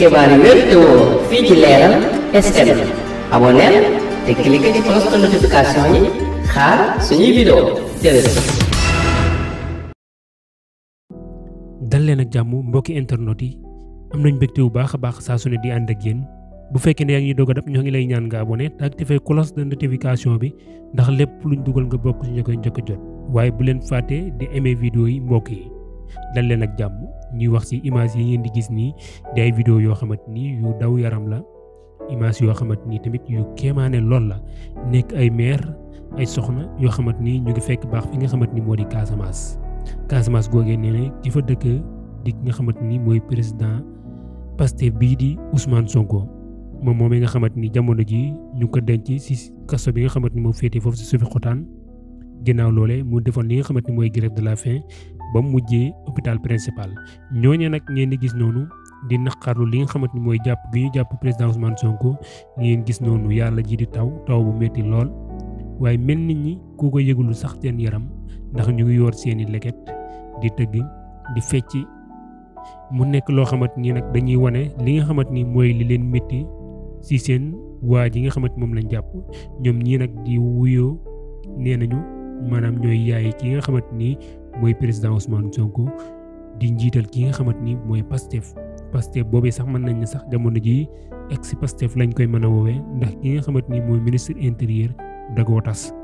Kemarin itu Vigilaran SM. Abonen, teklik di post notifikasinya. Khar suñuy vidéo. Jërëjëf. dal len ak jàmm mbokki internet yi am nañ bëkté bu baaxa baax sa suñu di and ak yeen bu fekké ne ya ngi doog dab ñoo ngi lay ñaan nga abonné activé cloche de notification bi ndax lepp luñ duggal nga bokku ci ñu koy njëkk jot waye bu len faté di aimer vidéo yi mbokk yi dal len ak jàmm ñuy wax ci image yi ngeen di gis ni day vidéo yoo xamanteni ni yu daw yaram la image yoo xamanteni ni tamit yu kéemaane lool la nekk ay maire ay soxna yoo xamanteni ñu ngi fekk baax fi nga xamanteni ni moo di Casamance Casamance googee nee ne ki fa dëkk di nga xamanteni ni mooy président Pastef bii di Ousmane Sonko moom moom nga xamanteni ni jamono ji ñu ko denc si kaso bi nga xamanteni ni moo féete foofu si sufi xotaan ginnaaw loolee mu defoon nga xamanteni ni mooy grève de la faim ba mujjé hôpital principal ñoñe nak ngeen di gis nonu di nak li nga xamanteni moy japp gi ñu japp président Ousmane Sonko ngeen gis nonu yalla ji di taw taw bu metti lool waye mel nit ñi ku ko yegul sax seen yaram ndax ñu ngi yor seeni leket di teug di fecci mu nekk loo xamanteni nak dañuy wone li nga xamanteni moy li leen metti ci seen waa ji nga xamanteni mom lañ japp ñom ñi nak di wuyo nenañu manam ñoy yaay ki nga xamanteni mooy président Ousmane Sonko di njiital ki nga xamante ni mooy Pastef Pastef yi sax mën nañ ne sax jamono ji ex Pastef lañ koy mën a woowee ndax ki nga xamante ni mooy ministre intérieur dagoo tas